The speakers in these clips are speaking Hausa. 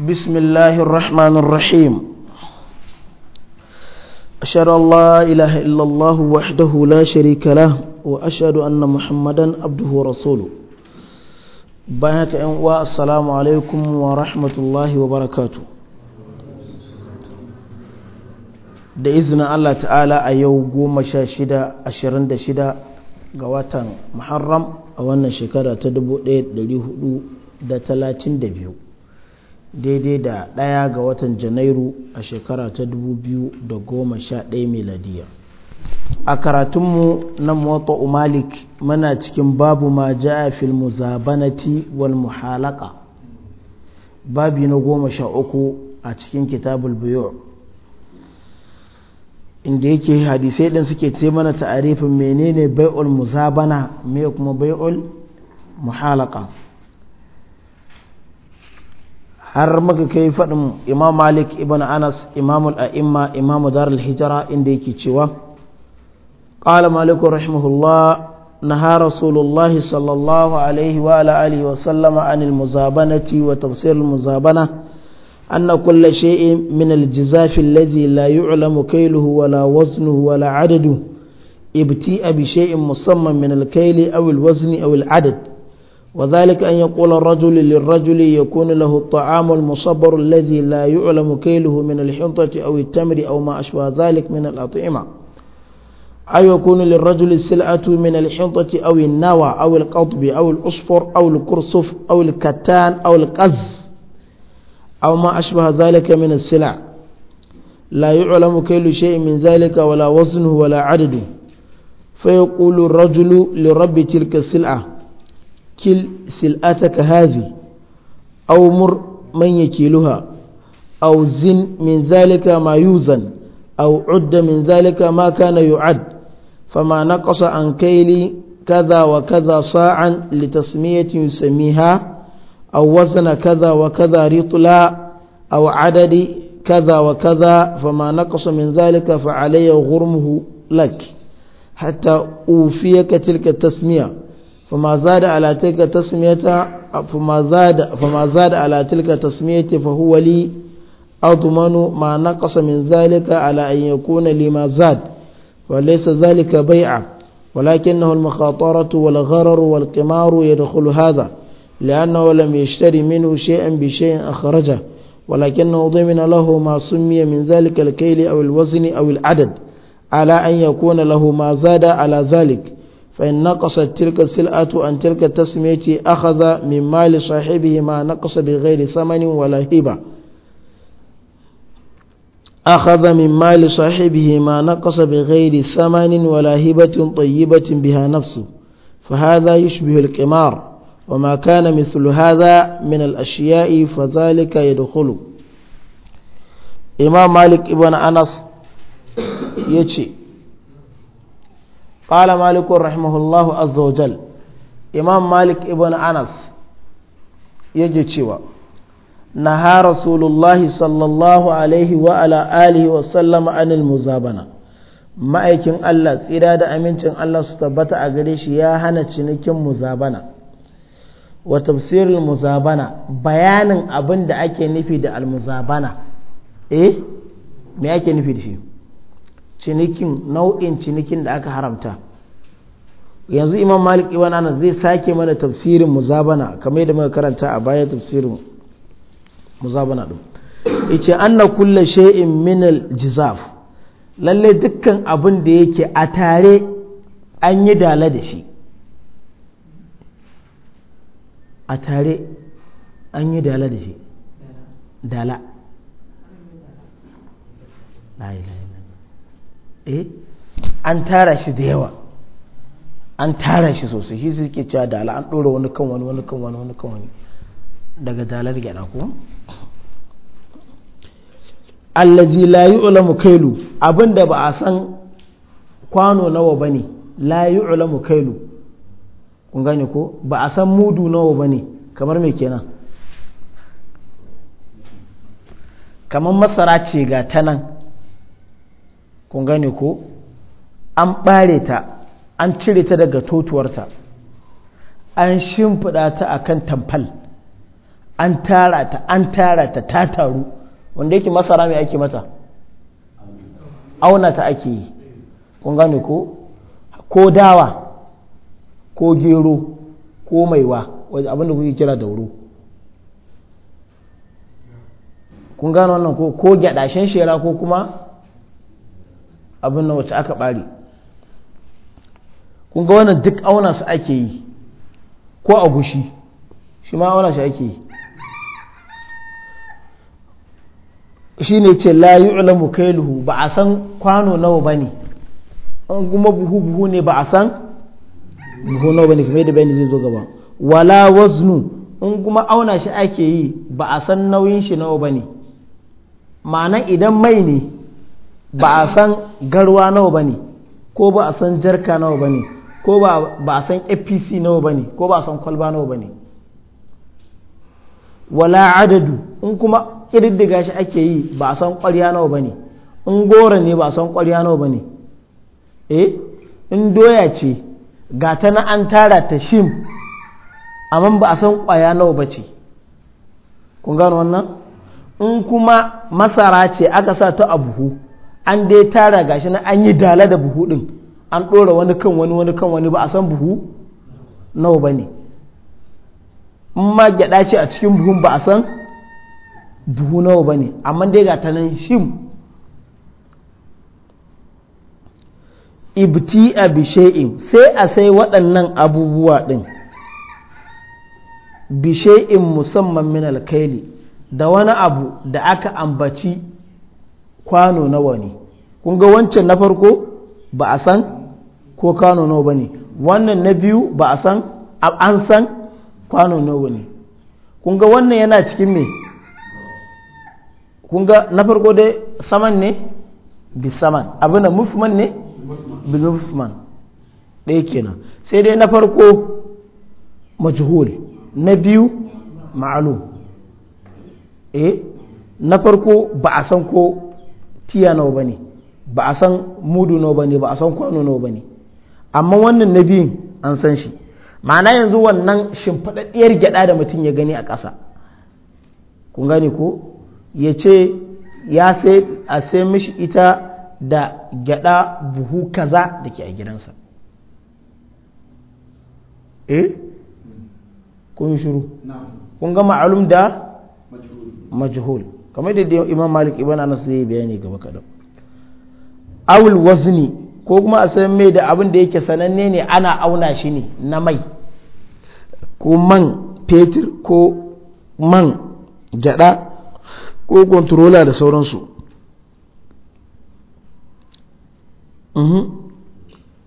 بسم الله الرحمن الرحيم أشهد أن لا إله إلا الله وحده لا شريك له وأشهد أن محمدا عبده ورسوله بارك السلام عليكم ورحمة الله وبركاته da izinin Allah ta'ala a yau goma sha shida ashirin da shida ga watan muharram a wannan shekara ta dubu ɗaya da talatin da biyu daidai da ɗaya ga watan janairu a shekara ta 2011 miladiya a karatunmu na mota malik mana cikin babu ma ja'a fil muzabanati wal muhalaka babi na goma sha uku a cikin kitabul biyu inda yake hadisai ɗin suke te mana ta'arifin menene bai'ul muzabana me kuma bai'ul muhalaka har muka kai faɗin imam malik ibn anas imam al’imma imam dar al inda yake cewa ƙala malikun rahimahullah na ha sallallahu alaihi wa sallama anil muzabanati wa tafsir muzabana an na kulle shi'i min aljizafin ladhi la yu'lamu kailuhu wa la waznuhu wa la adadu ibti abi shi'in musamman min alkaili awil wazni awil adad وذلك أن يقول الرجل للرجل يكون له الطعام المصبر الذي لا يعلم كيله من الحنطة أو التمر أو ما أشبه ذلك من الأطعمة أو يكون للرجل السلعة من الحنطة أو النوى أو القطب أو الأصفر أو الكرصف أو الكتان أو القز أو ما أشبه ذلك من السلع لا يعلم كيل شيء من ذلك ولا وزنه ولا عدده فيقول الرجل لرب تلك السلعة كل سلاتك هذه أو مر من يكيلها أو زن من ذلك ما يوزن أو عد من ذلك ما كان يعد فما نقص عن كيل كذا وكذا صاعا لتسمية يسميها أو وزن كذا وكذا رطلا أو عدد كذا وكذا فما نقص من ذلك فعلي غرمه لك حتى أوفيك تلك التسمية فما زاد على تلك تسمية فما زاد فما زاد على تلك تسمية فهو لي أضمن ما نقص من ذلك على أن يكون لما زاد وليس ذلك بيعة ولكنه المخاطرة والغرر والقمار يدخل هذا لأنه لم يشتري منه شيئا بشيء أخرجه ولكنه ضمن له ما سمي من ذلك الكيل أو الوزن أو العدد على أن يكون له ما زاد على ذلك فإن نقصت تلك السلعة عن تلك التسمية أخذ من مال صاحبه ما نقص بغير ثمن ولا هبة أخذ من مال صاحبه ما نقص بغير ثمن ولا هبة طيبة بها نفسه فهذا يشبه القمار وما كان مثل هذا من الأشياء فذلك يدخل إمام مالك ابن أنس يتشي قال مالك رحمه الله عز وجل إمام مالك ابن أنس يجي شوى نهى رسول الله صلى الله عليه وعلى آله وسلم عن المزابنة ma'aikin Allah tsira da amincin Allah su tabbata a gare shi ya hana cinikin muzabana wa tafsirin muzabana bayanin abin da ake nufi da almuzabana eh me ake nufi da shi cinikin nau'in cinikin da aka haramta yanzu imam malik ibn anas zai sake mana tafsirin muzabana kamar yadda muka karanta a baya tafsirin muzabana din yace anna kullu shay'in min al-jizaf lalle dukkan abin da yake a tare an yi dala da shi a tare an yi dala da shi dala la ilaha Eh? an tara shi da yawa an tara shi sosai shi ke cewa dala an ɗora wani kan wani wani kan wani wani kan wani daga dalar gyada ko allazi la yu'lamu kailu abinda ba a san kwano nawa bane la yu'lamu kailu kun gane ko ba a san mudu nawa bane kamar me kenan kamar masara ce ga ta nan kun gane ko an ɓare ta an cire ta daga totuwarta an shimfiɗa ta a kan tamfal an tara ta an tara ta ta taru wanda yake masara mai ake mata auna ta ake yi kun gane ko ko dawa ko gero ko maiwa abinda kuke kira dauro kun gane wannan ko ko gyadashen shera ko kuma abin na wacce aka ɓare kun ga wannan duk auna su ake yi ko a gushi shi ma auna shi ake yi shi ne ce la kai kailuhu ba a san kwano nawa ba ne an kuma buhu buhu ne ba a san buhu nawa ba ne kamar da bayani zai zo gaba wala waznu in kuma auna shi ake yi ba a san nauyin shi nawa ba ne ma'ana idan mai ne ba a san garwa nawa ba ne ko ba a san jarka nawa ba ne ko ba a san apc nawa ba ne ko ba a san kwalba nawa ba ne wala adadu in kuma ƙididdiga shi ake yi ba a san ƙwarya nawa ba ne in gora ne ba a san ƙwarya nawa ba ne eh in doya ce ga ta na an tara ta shim amma ba a san ƙwaya nawa ba ce kun gano wannan in kuma masara ce aka sa ta a buhu an dai tara gashi na an yi dala da buhu din an ɗora wani kan wani wani kan wani ba a san buhu nawa ba ne in ma gyaɗa ce a cikin buhun ba a san buhu nawa ba ne amma dai ga nan shim ibti a bishe'in sai a sai waɗannan abubuwa ɗin bishe'in musamman min alkaili da wani abu da aka ambaci kwano nawa ne kun ga wancan na farko ba a san ko kwano nawa ba ne wannan na biyu ba a san an san kwano nawa ne kun ga wannan yana cikin me kun ga na farko dai saman ne bisaman abin da mufman ne bilmufman ɗaya kenan sai dai na farko majhul na biyu ma'alu eh na farko ba a san ko tiya nawa ne ba a san mudu nawa ne ba a san kwano nawa ne amma wannan na biyun an san shi ma'ana yanzu wannan shimfiɗaɗɗiyar gyaɗa da mutum ya gani a ƙasa kun gane ko ya ce ya sai a sai mishi ita da gyaɗa buhu kaza da ke a gidansa eh kun shuru kun ga ma'alum da majhul kamar da imam malik ibn anas zai bayani gaba kadan awul wazni ko kuma a san mai da abin da yake sananne ne ana auna shi ne na mai ko man fetur ko man gyada ko kontrola da sauransu mhm.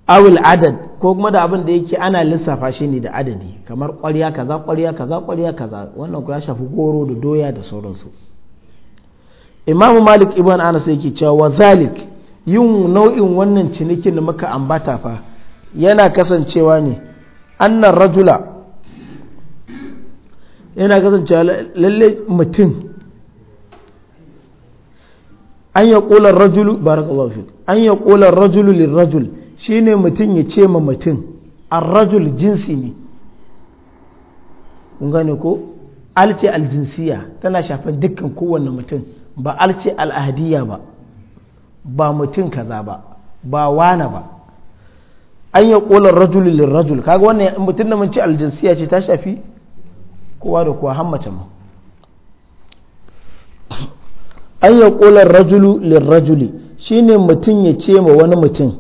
awul adad ko kuma da abin da yake ana lissafa shi ne da adadi kamar kwariya kaza kwariya kaza kwariya kaza wannan ku ya shafi goro da doya da sauransu imamu malik ibn anas yake cewa wa zalik yin nau'in wannan cinikin da muka ambata fa yana kasancewa ne annan rajula yana kasancewa lalle mutum an ya kula rajulu barakallahu fi an ya kula rajulu rajul shine mutum ya ce ma mutum rajul jinsi ne kun gane ko alce aljinsiya tana shafan dukkan kowanne mutum ba alce al'ahadiyya ba ba mutum kaza ba ba wana ba an yi ƙolar rajulilin rajul kaga wannan mutum da munci aljinsiya ce ta shafi kowa da kowa hammata mu an yi ƙolar rajulilin rajuli shi shine mutum ya ce ma wani mutum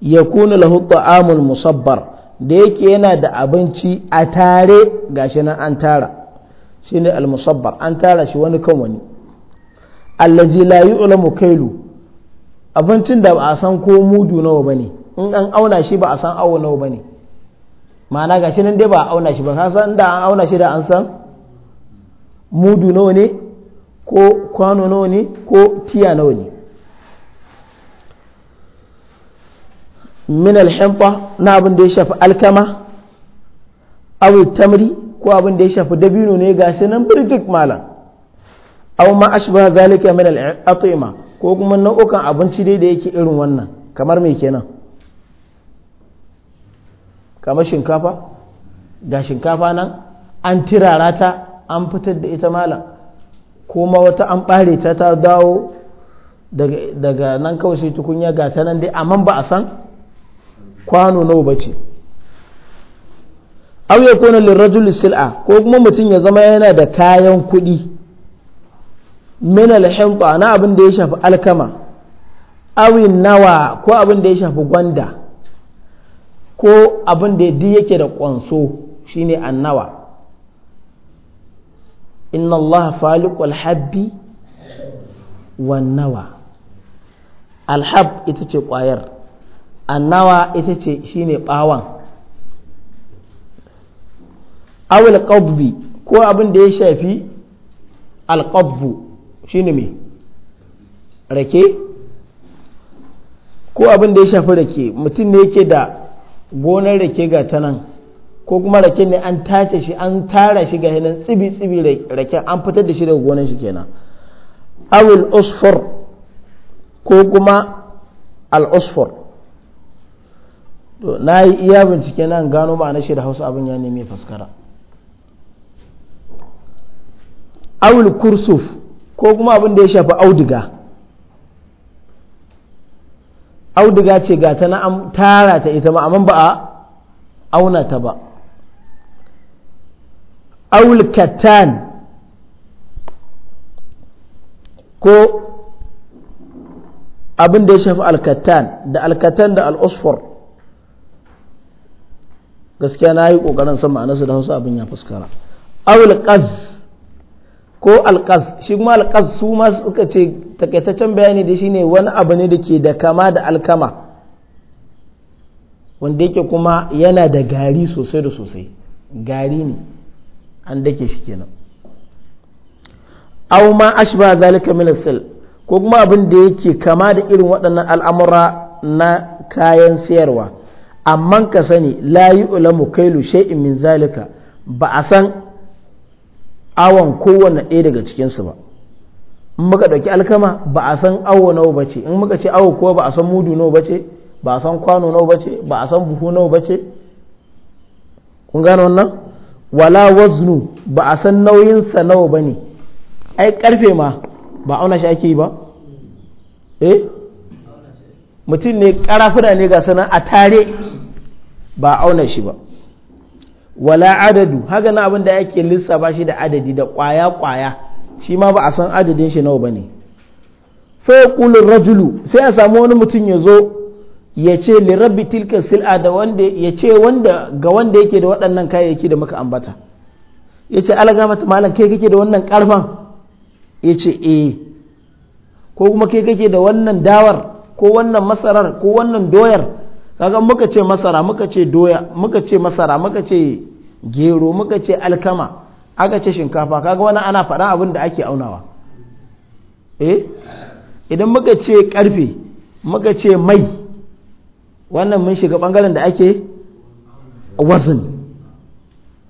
ya kuna lahu amul musabbar da yake yana da abinci a tare gashi nan an tara shine al musabbar an tara shi wani kan wani allazi la yu'lamu kailu abincin da ba a san ko mudu nawa bane in an auna shi ba a san awo nawa bane ma'ana gashi nan dai ba a auna shi ba ka san da an auna shi da an san mudu nawa ne ko kwano nawa ne ko tiya nawa ne min alhimfa na abin da ya shafi alkama abu tamri ko abin da ya shafi dabino ne gashi nan birjik malam aw ma ashbaha zalika min al-at'ima ko kuma nau'ukan abinci dai da yake irin wannan kamar me kenan kamar shinkafa ga shinkafa nan an tirara ta an fitar da ita malam kuma wata an bare ta ta dawo daga nan kawai sai tukunya ga ta nan dai amma ba a san kwano nawa bace aw yakuna lirajuli sil'a ko kuma mutum ya zama yana da kayan kuɗi min alhinta na abin da ya shafi alkama awin nawa ko abin da ya shafi gwanda ko abin da duk yake da ƙwanso shine annawa inna allaha faliqul habbi wan nawa alhab ita ce ƙwayar annawa ita ce shine ɓawan awil qadbi ko abin da ya shafi alqadbu ne me rake ko abin da ya shafi rake mutum ne yake da gonar rake ga ta nan ko kuma rake ne an tace shi an tara shi ga hinan tsibi-tsibi rake an fitar da shi daga gonar shi kenan awul usfur ko kuma al-usfur na yi iya bincike nan gano ma'ana shi da hausa abin ya neme faskara awul kursuf ko kuma abin da ya shafi auduga auduga ce ga ta na tara ta ita ma amma ba a auna ta ba aul katan ko abin da ya shafi alkatan da alkatan da al'usfur gaskiya na yi ƙoƙarin san ma'anarsa da hausa abin ya fuskara aul ko alƙas shi kuma alƙas su ma suka ce takaitaccen bayani da shine wani abu ne da ke da kama da alkama wanda yake kuma yana da gari sosai da sosai gari ne an dake shi kenan aw ma ashba zalika min ko kuma abin da yake kama da irin waɗannan al'amura na kayan sayarwa amma ka sani la yu'lamu kailu shay'in min zalika ba a san awon kowanne ɗaya daga cikinsu ba in muka ɗauki alkama ba a san awo nawa ba ce in muka ce awo kuwa ba a san mudu nawa ba ce ba a san kwano nawa ba ce ba a san buhu nawa ba ce kun gane wannan wala waznu ba a san nauyinsa nawa ba ne ai karfe ma ba auna shi ake yi ba eh mutum ne karafuna ne ga sanan a tare ba auna shi ba wala adadu haka na abin da ake lissafa shi da adadi da kwaya-kwaya shi ma ba a san adadin shi nawa ba ne yaqulu rajulu sai a samu wani mutum ya zo ya ce rabbi tilka sil'a da wanda ya ce wanda ga wanda yake da waɗannan kayayyaki da muka ambata ya ce alaga mata malam kai kake da wannan karfan ya ce eh ko kuma kai kake da wannan dawar ko wannan masarar ko wannan doyar kaga muka ce masara muka ce doya muka ce masara muka ce gero muka ce alkama aka ce shinkafa kaga wani ana faɗa abin da ake aunawa eh idan muka ce karfe muka ce mai wannan mun shiga bangaren da ake wazin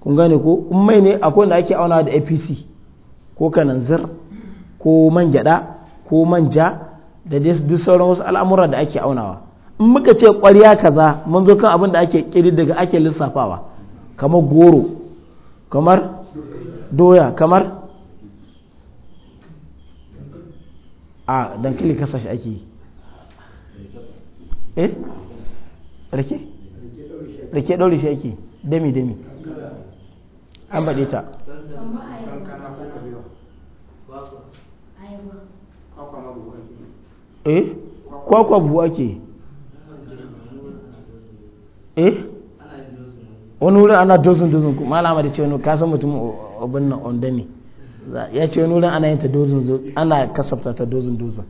kun gane ko mai ne akwai da ake aunawa da apc ko kananzir ko man gyada ko manja da duk sauran wasu al'amura da ake aunawa in muka ce ƙwarya kaza mun zo kan abin da ake daga ake lissafawa kamar goro kamar doya kamar a dankali kasa shi ake yi eh? rike? rake ɗauri ɗaure shi ake dami dami an baɗe ta eh? kwakwa buwa ke eh wani wurin ana dozin dozin kuma alama da ce wani kasan mutum abin nan onda ne ya ce wani wurin ana yin ta dozin ana kasafta ta dozin dozin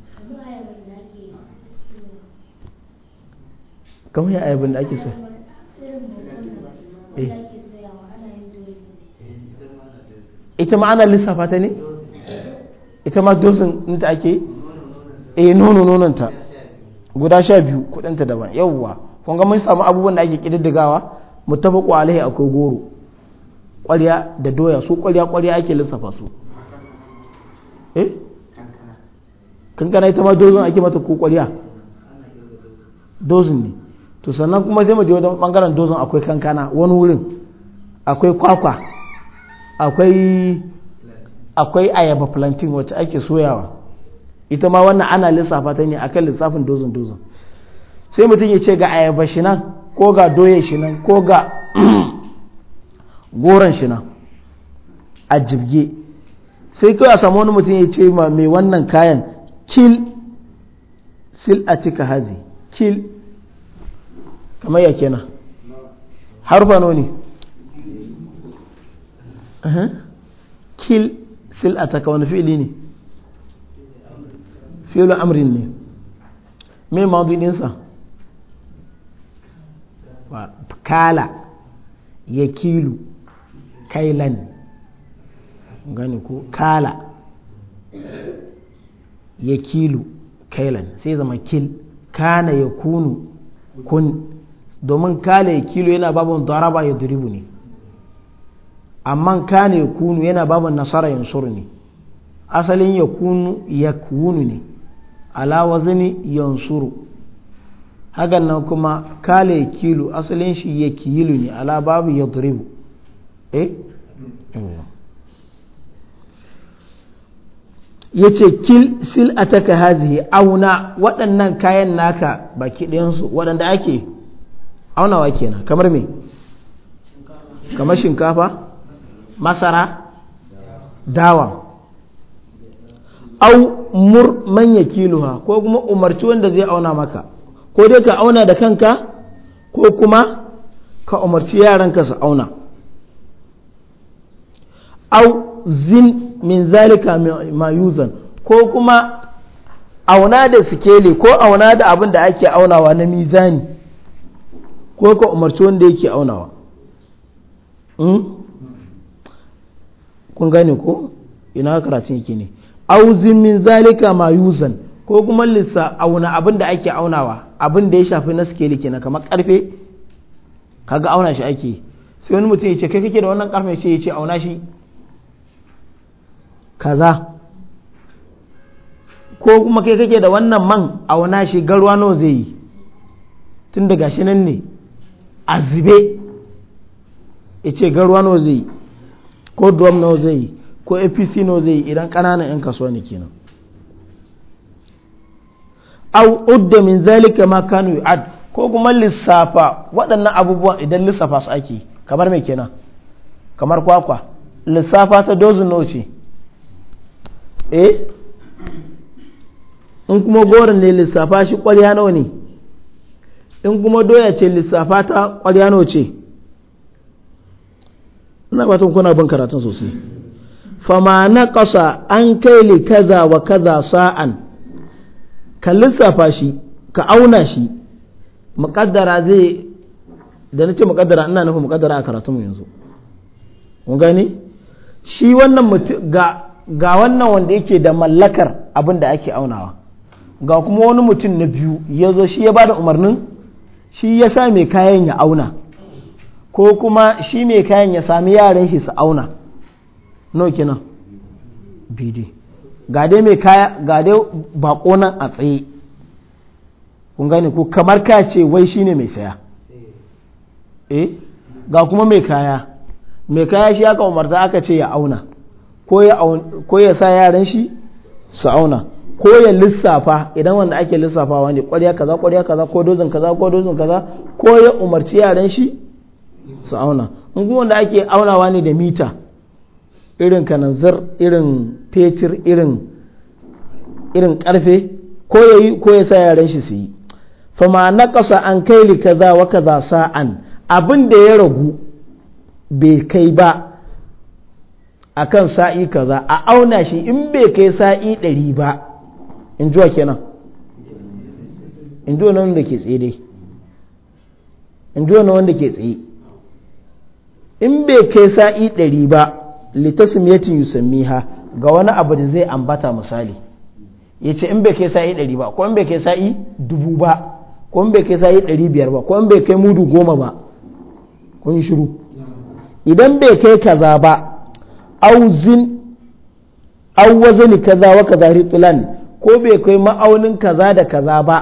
kamar ya ayyabin da ake so eh. ita ma ana lissafa ta ne ita ma dozin ta ake eh nono nononta guda sha biyu kudinta daban yawwa Kunga mun samu abubuwan da ake kididdigawa muttafaqu alaihi akwai goro ƙwarya da doya su ƙwarya ƙwarya ake lissafa su eh kankana ita ma dozin ake mata ko ƙwarya dozin ne to sannan kuma sai mu je wajen bangaren dozin akwai kankana wani wurin akwai kwakwa akwai akwai ayaba plantain wacce ake soyawa ita ma wannan ana lissafa ta ne akan lissafin dozin dozin sai mutum ya ce ga ayaba shi nan ko ga doya shi nan ko ga goron shi nan a jibge sai kawai a samu wani mutum ya ce ma mai wannan kayan kil sil a cika hazi kil kamar ya kenan harfa noni kil sil a taka wani fi'ili ne fi'ilin amrin ne mai ma'adu ɗinsa kala ya kilu kailan gani ko kala ya kilu kailan sai zama kil kana ya kunu kun domin kala ya kilu yana babin daraba ya duribu ne amma kana ya kunu yana babin nasara yansuru ne asalin ya kunu ya kunu ne ala wazini suru. hakan nan kuma kale ya kilu asalin shi ya kilu ne ala babu ya duribu eh? ya ce kil sil ataka hazihi auna waɗannan kayan naka baki ɗayansu waɗanda ake aunawa kenan kamar me kamar shinkafa masara dawa au mur manya kiluha ko kuma umarci wanda zai auna maka ko dai ka auna da kanka ko kuma ka umarci yaranka su auna au zin min zalika ma yuzan ko kuma auna da sikeli ko auna da abin da ake aunawa na mizani ko ka umarci wanda yake aunawa hmm? kun gane ko ina karatun yake ne auzin min zalika ma yuzan ko kuma lissa auna abin da ake aunawa abin da ya shafi na skeli kenan kamar karfe kaga auna shi ake sai wani mutum ya ce kai kake da wannan karfe ce ya ce auna shi kaza ko kuma kai kake da wannan man auna shi garwa nawa zai yi tun daga shi nan ne a zube ya ce garwa nawa zai yi ko drum nawa zai yi ko apc nawa zai yi idan ƙananan 'yan kasuwa ne kenan au udda min zalika ma kanu yu'ad ko kuma lissafa waɗannan abubuwan idan lissafa su ake kamar mai kenan kamar kwakwa lissafa ta dozin nawa ce eh in kuma goron ne lissafa shi ƙwarya nawa ne in kuma doya ce lissafa ta ƙwarya nawa ce ina batun kuna bin karatun sosai fama na ƙasa an kai li kaza wa kaza sa'an ka lissafa shi ka auna shi muƙaddara zai da na ce muƙaddara ina nufin muƙaddara a karatunmu yanzu kun gani shi wannan mutum ga wannan wanda yake da mallakar abin da ake aunawa ga kuma wani mutum na biyu ya zo shi ya ba da umarnin shi ya sa mai kayan ya auna ko kuma shi mai kayan ya sami yaran shi su auna no kenan bidi ga dai mai kaya ga dai bako nan a tsaye kun gane ku kamar ka ce wai shine mai saya eh ga kuma mai kaya mai kaya shi aka umarta aka ce ya auna ko ya sa yaran shi su auna ko ya lissafa idan wanda ake lissafawa ne kwarya kaza kwarya kaza ko dozin kaza ko dozin kaza ko ya umarci yaran shi su auna in kuma wanda ake aunawa ne da mita irin kananzir irin fetur irin karfe ko ya yi ko ya sa yaran shi su yi fama na kasa an kai li kaza wa kaza sa'an abin da ya ragu bai kai ba a kan sa'i kaza a auna shi in bai kai sa'i ɗari ba in ke kenan in wa nan da ke tsaye dai in wa nan wanda ke tsaye in bai kai sa'i ɗari ba litasmiyatin yusammiha ga wani abu da zai ambata misali yace in bai kai sa'i 100 ba ko in bai kai sa'i dubu ba ko in bai kai sa'i 500 ba ko in bai kai mudu goma ba kun shiru idan bai kai kaza ba auzin awwazani kaza wa kaza ritlan ko bai kai ma'aunin kaza da kaza ba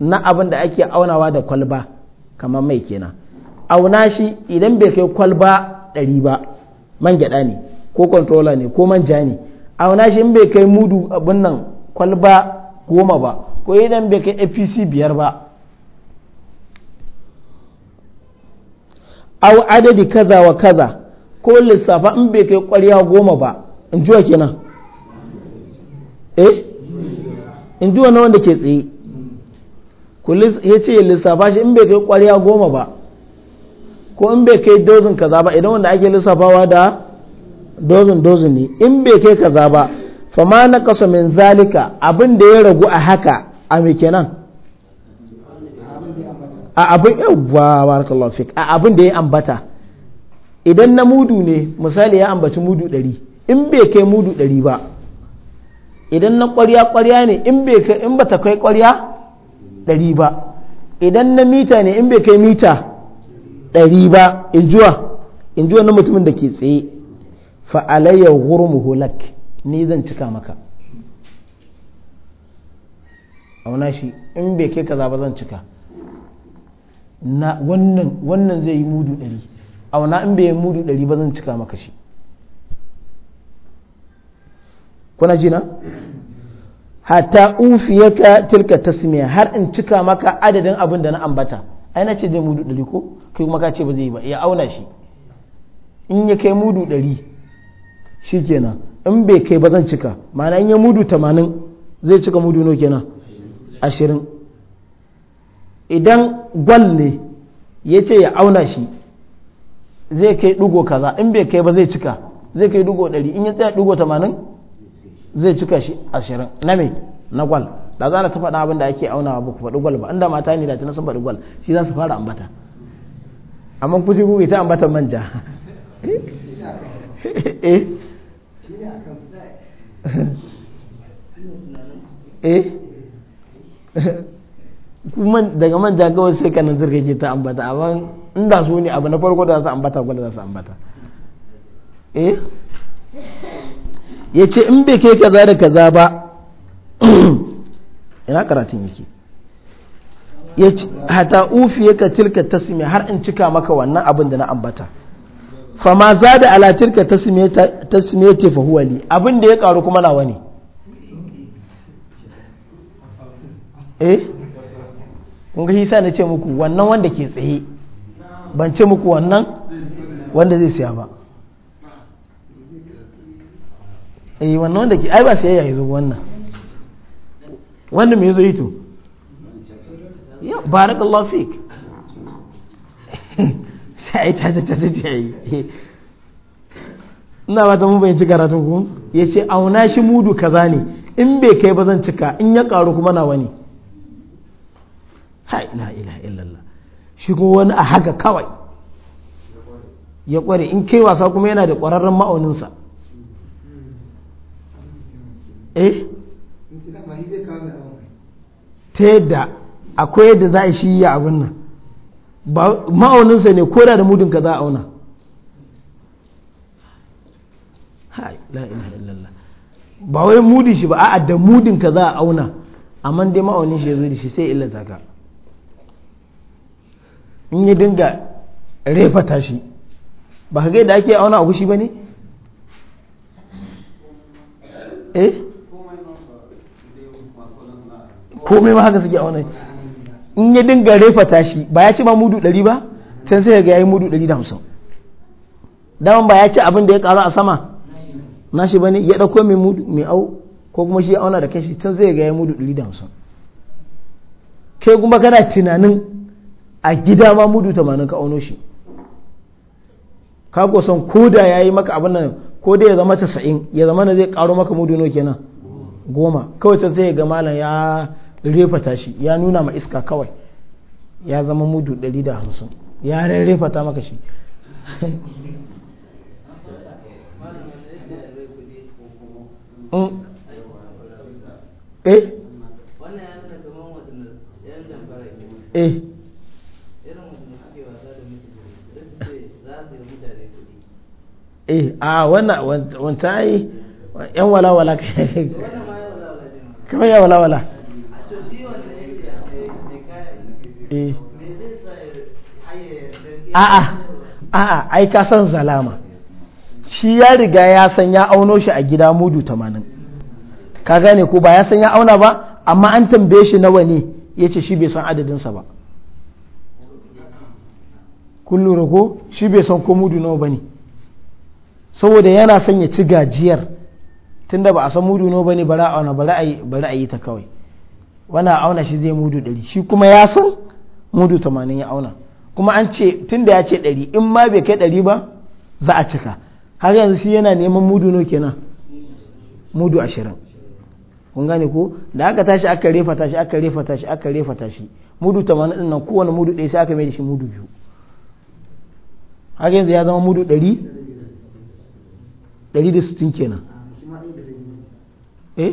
na abin da ake aunawa da kwalba kamar mai kenan auna shi idan bai kai kwalba 100 ba man gyada ne ko controller ne ko manja ne a wana shi in bai kai mudu abin nan kwalba goma ba ko idan bai kai apc biyar ba au adadi kaza wa kaza ko lissafa in bai kai kwarya goma ba in jiwa kenan eh in jiwa na wanda ke tsaye ya ce lissafa shi in bai kai kwarya goma ba ko in bai kai dozin kaza ba idan wanda ake lissafawa da dozin dozin ne in bai kai kaza ba ma na kasa min zalika abin da ya ragu a haka a mai kenan a abin yawwa barakallahu fik a abin da ya ambata idan na mudu ne misali ya ambaci mudu 100 in bai kai mudu 100 ba idan na ƙwarya ƙwarya ne in bai kai in bata kai ƙwarya 100 ba idan na mita ne in bai kai mita ɗari ba injuwa injuwa na mutumin da ke tsaye fa’alayya wurin ghurmuhu ni zan cika maka auna shi in bai kai kaza ba zan cika na wannan wannan zai yi mudu ɗari auna in bai yi mudu ɗari ba zan cika maka shi kuna jina hata ufiyaka tilka tasmiya har in cika maka adadin abin da na ambata ai na ce zai mudu ɗari ko kai kuma ka ce ba zai yi ba ya auna shi in ya kai mudu ɗari shi kenan in bai kai ba zan cika ma'ana in ya mudu tamanin zai cika mudu no kenan ashirin idan gwal ne ya ce ya auna shi zai kai ɗigo kaza in bai kai ba zai cika zai kai ɗigo ɗari in ya tsaya ɗigo tamanin zai cika shi ashirin na me na gwal da za ta faɗa abin da ake auna ba ku faɗi gwal ba inda mata ne da tana sun faɗi gwal shi za su fara ambata amma ku sai ku ita ambata manja eh eh kuma daga manja kawai sai kanan zirga ke ta ambata amma inda su ne abu na farko da za su ambata gwal za su ambata eh ya ce in bai kai kaza da kaza ba ina karatun yake ya hata ufi yaka tilka tasmiya har in cika maka wannan abin da na ambata fa ma da ala tilka tasmiyati fa huwa li abin da ya karu kuma nawa ne eh kun ga hisa na ce muku wannan wanda ke tsaye ban ce muku wannan wanda zai siya ba eh wannan wanda ke ai ba siyayya yazo wannan wannan me zai to ya Allah fik sai ta ta ta ta yi ina ba ta mun bayanci karatun ku ya ce auna shi mudu kaza ne in bai kai ba zan cika in ya karu kuma na wani ha ina ila illallah shi kuma wani a haka kawai ya kware in kai wasa kuma yana da kwararren ma'auninsa eh ta yadda akwai yadda za a shi ya abin nan ma'auninsa ne ko da mudun ka za a auna ba wai mudin shi ba a'a da mudin ka za a auna amma dai ma'aunin shi ya zo da shi sai illata ka in yi dinga refata shi ba ka da ake auna a gushi ba ne eh komai ma haka suke a wannan in ya dinga refata shi ba ya ci ba mudu 100 ba can sai ga yayi mudu 150 dan ba ya ci abin da ya karu a sama nashi bane ya dauko mai mudu mai au ko kuma shi ya auna da kashi can sai ga yayi mudu 150 kai kuma kana tunanin a gida ma mudu 80 ka auno shi ka ko son koda yayi maka abin nan ko dai ya zama 90 ya zama na zai karo maka mudu nawa kenan goma kawai can sai ga malam ya refata shi ya nuna ma iska kawai ya zama mudu 150 ya refata maka shi mm. eh eh eh a wannan wancan ai yan walawala kai kawai ya walawala Eh. a'a a'a ai ka san zalama shi ya riga ya san ya auno shi a gida mudu tamanin ka gane ko ba ya san ya auna ba amma an tambaye shi nawa ne ya ce shi bai san adadinsa ba kun lura ko shi bai san ko mudu nawa ba ne saboda yana son ya ci gajiyar tunda ba a san mudu nawa ba ne bari a yi ta kawai wana auna shi zai mudu ɗari shi kuma ya san mudu tamanin ya auna kuma an ce tun da ya ce ɗari in ma bai kai ɗari ba za a cika har yanzu shi yana neman mudu no kenan mudu ashirin kun gane ko da aka tashi aka refa tashi aka refa tashi aka refa tashi mudu tamanin ɗin nan kowane mudu ɗaya sai aka mai da shi mudu biyu har yanzu ya zama mudu ɗari ɗari da sittin kenan eh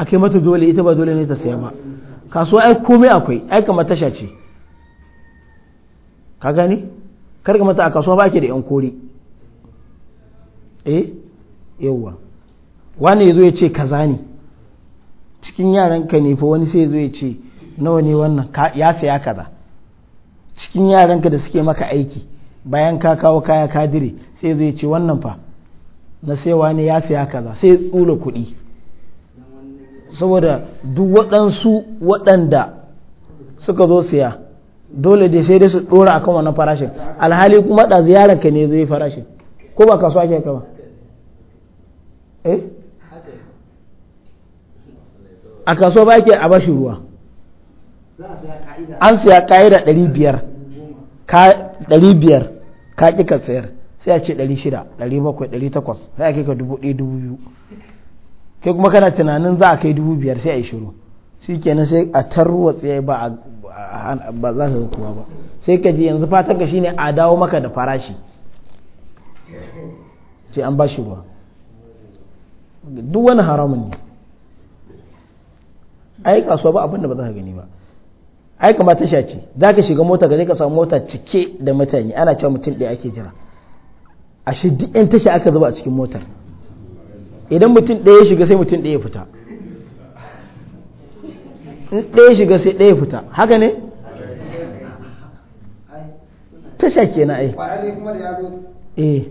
a kai mata dole ita ba dole ne ta saya ba kasuwa ai komai akwai ai kamar tasha ce ka gani kar ka mata a kasuwa ba ke da yan kori eh yawa wani ya zo ya ce kaza ne cikin yaran ka ne fa wani sai ya zo ya ce nawa ne wannan ya saya kaza cikin yaran ka da suke maka aiki bayan ka kawo kaya kadire sai ya zo ya ce wannan fa na sai ne ya saya kaza sai ya tsula kuɗi saboda duk waɗansu waɗanda suka zo siya dole dai sai dai su ɗora akan wannan farashin alhali kuma da ziyarar ka ne zai farashin ko ba kasuwa ke ka ba eh a kasuwa ba ke a bashi ruwa an siya ka'ida ɗari biyar ka ɗari biyar ka ƙi ka sayar sai a ce ɗari shida ɗari bakwai ɗari takwas sai a ke ka dubu ɗaya dubu biyu kai kuma kana tunanin za a kai dubu biyar sai a yi shiru shi kenan sai a tarwa tsaye ba ba za ka kuwa ba sai ka ji yanzu fatan ka shine a dawo maka da farashi sai an ba shi ruwa duk wani haramun ne ai kasuwa ba abinda ba za ka gani ba ai kamar tasha ce za ka shiga mota ka ka samu mota cike da mutane ana cewa mutum ɗaya ake jira shi duk 'yan tasha aka zuba a cikin motar idan mutum ɗaya shiga sai mutum ɗaya fita ɗaya shiga sai ɗaya fita haka ne tasha kenan ai eh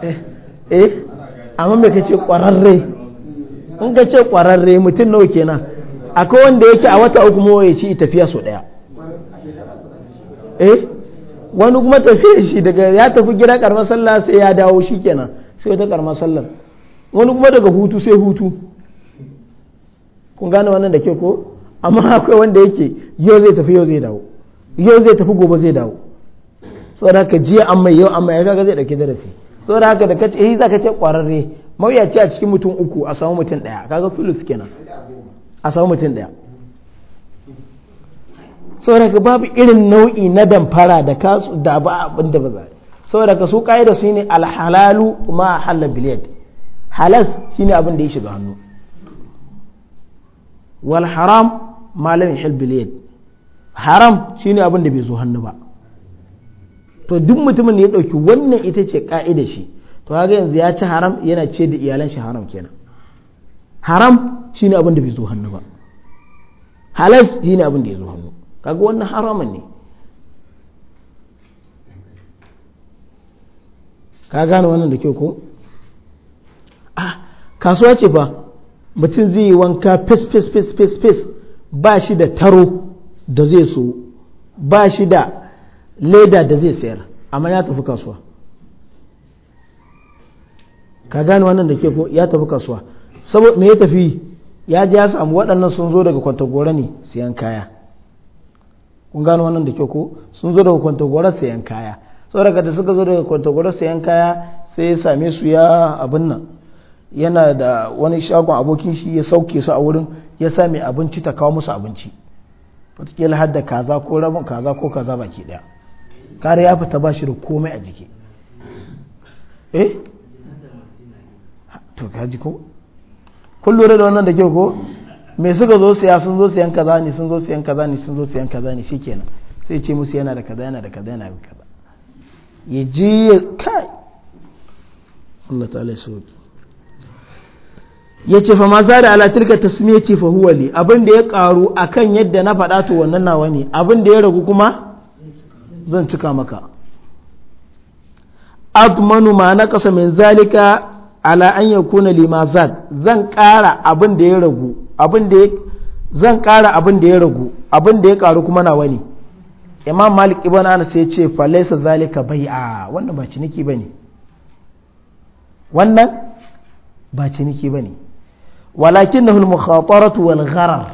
eh, eh. amma me kace kwararre in ka ce ƙwararre mutum nawa kenan akwai wanda yake a wata uku mawa ya ci tafiya so ɗaya. eh wani kuma tafiya shi daga ya tafi gida karmar sallah sai ya dawo shi kenan sai wata karmar sallar wani kuma daga hutu sai hutu kun gane wannan da ke ko amma akwai wanda yake yau zai tafi yau zai dawo yau zai tafi gobe zai dawo saboda haka jiya an mai yau mai ya zai dauke darasi saboda haka da kace eh, za zaka ce kwararre mawuyaci a cikin mutum uku a samu mutum daya kaga fulus kenan a samu mutum daya saboda ka babu irin nau'i na damfara da ka da ba abin da ba saboda ka su kaida su ne alhalalu ma halal bilad halas shi ne abin da ya shiga hannu wal haram ma lam yahil bilad haram ne abin da bai zo hannu ba to duk mutumin da ya dauki wannan ita ce kaida shi to kaga yanzu ya ci haram yana ce da iyalan shi haram kenan haram ne abin da bai zo hannu ba halas shi ne abin da ya zo hannu kaga wannan haramun ne ka gane wannan da ke ko ah kasuwa ce fa mutum zai yi wanka fes fes fes fes fes ba shi da taro da zai so ba shi da leda da zai sayar amma ya tafi kasuwa ka gane wannan da ke ko ya tafi kasuwa saboda me ya tafi ya ji ya samu waɗannan sun zo daga kwantagora ne siyan kaya kun gano wannan da kyau ko sun zo daga kwantagwarar sayan kaya saboda da suka zo daga kwantagwarar sayan kaya sai ya same su ya abin nan yana da wani shagon abokin shi ya sauke su a wurin ya sa mai abinci ta kawo musu abinci wataƙila har da kaza ko rabin kaza ko kaza baki ɗaya kare ya fita ba shi da komai a jiki eh to kaji ko kun lura da wannan da kyau ko me suka zo siya sun zo siyan kaza ne sun zo siyan kaza ne sun zo siyan kaza ne shikenan sai ce musu yana da kaza yana da kaza yana da kaza ya ji ya kai Allah ta'ala ya sauki ya ce fa ma za da alatirka tasmiya ce fa huwa li abin da ya karu akan yadda na faɗa to wannan nawa ne abin da ya ragu kuma zan cika maka admanu ma na kasa min zalika ala an yakuna limazad zan kara abin da ya ragu abin da zan ƙara abin da ya ragu abin da ya ƙaru kuma na wani imam malik ibn anas ya ce fa laysa zalika bai'a wannan ba ciniki bane wannan ba ciniki bane walakinahu al-mukhataratu wal gharar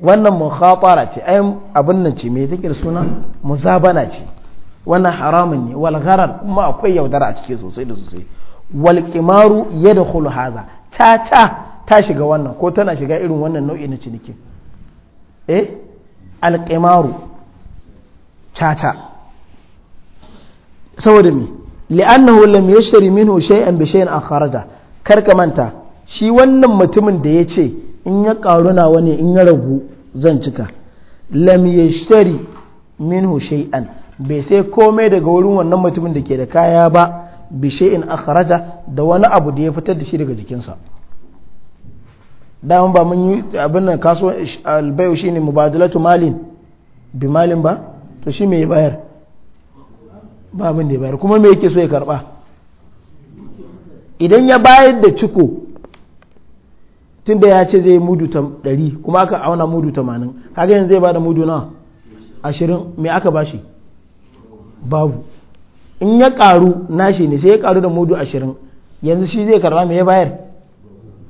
wannan mukhatara ce ai abin nan ce me take da suna muzabana ce wannan haramun ne wal gharar kuma akwai yaudara a cike sosai da sosai wal qimaru yadkhulu hadha cha cha ta shiga wannan ko tana shiga irin wannan nau'i na ciniki eh alqimaru caca saboda me li'annahu lam yashri minhu shay'an bi shay'in akharaja kar ka manta shi wannan mutumin da ya ce in ya karuna nawa ne in ya ragu zan cika lam yashri minhu shay'an bai sai komai daga wurin wannan mutumin da ke da kaya ba bi shay'in akharaja da wani abu da ya fitar da shi daga jikinsa dama ba mun yi abin nan kaso albayu shine mubadalatu malin bi malin ba to shi me ya bayar ba abin da ya bayar kuma me yake so ya karba idan ya bayar da ciko tunda ya ce zai mudu 100 kuma aka auna mudu 80 haka yanzu zai bada mudu na 20 me aka bashi babu in ya karu nashi ne sai ya karu da mudu 20 yanzu shi zai karba me ya bayar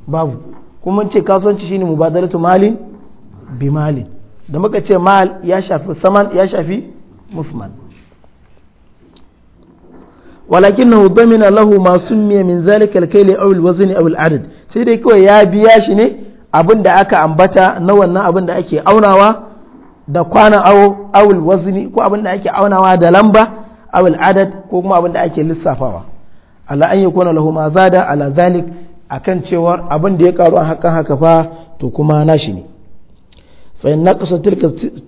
babu kuma ce kasuwanci shine mubadaratu malin bi malin da muka ce mal ya shafi saman ya shafi mufman ولكنه ضمن lahu ma summiya min zalika alkayl aw alwazn aw aladad sai dai kawai ya biya shi ne abinda da aka ambata na wannan abinda da ake aunawa da kwana awo awul alwazn ko abin ake aunawa da lamba awul adad ko kuma abinda ake lissafawa ala an yakuna lahu ma zada ala zalik akan cewar abin da ya karu a hakan haka fa to kuma nashi ne fayin na naqasa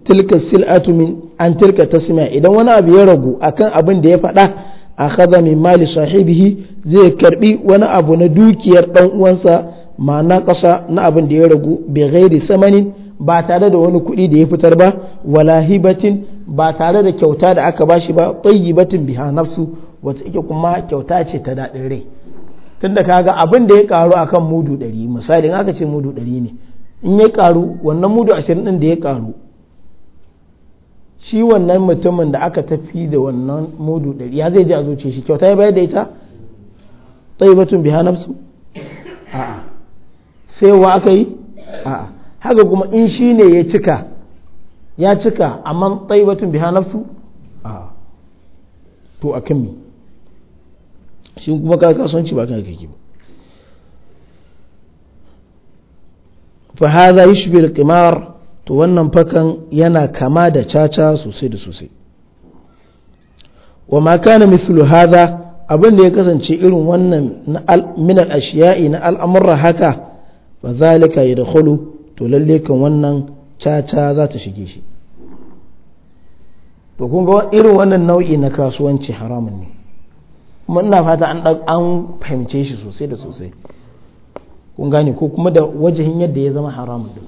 tilka silatumin an tilka tasmi'a idan wani abu ya ragu akan abin da ya faɗa kaza min mali sahibihi zai karbi wani abu na dukiyar ɗan uwansa ma ƙasa na abin da ya ragu bai gairi samanin ba tare da wani kuɗi da ya fitar ba walahibatin ba tare da kyauta da aka bashi ba tayyibatin biha nafsu wata ike kuma kyauta ce ta daɗin rai tunda kaga abin da ya karu akan mudu 100 misalin aka ce mudu 100 ne in ya karu wannan mudu 20 din da ya karu shi wannan mutumin da aka tafi da wannan mudu 100 ya zai ji a zuciya shi kyauta ya bayar da ita tsayibatun biha nafsu a'a sai wa aka yi a'a haka kuma in shi ne ya cika ya cika amma tsayibatun biha nafsu a'a to a kan shi kuma ka kasuwanci ba kan kake ba fa hadha yushbi al-qimar to wannan fakan yana kama da caca sosai da sosai wa ma kana mithlu hadha abin da ya kasance irin wannan min al-ashiya'i na al'amurra haka fa zalika yadkhulu to lalle kan wannan caca za ta shige shi to kun ga irin wannan nau'i na kasuwanci haramun ne kuma ina fata an fahimce shi sosai da sosai kun gane ko kuma da wajihin yadda ya zama haramun din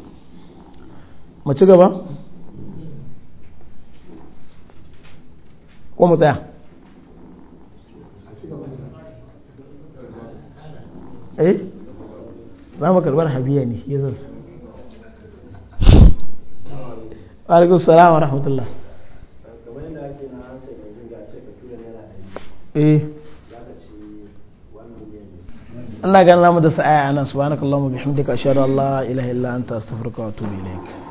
mu ci gaba ko mu tsaya eh za mu karbar habiya ne ya zarsa alaikun salamun wa rahmatullah eh ina ganin lamu da sa'aya anan subhanakallahumma bihamdika ashhadu an la ilaha illa anta astaghfiruka wa atubu ilaik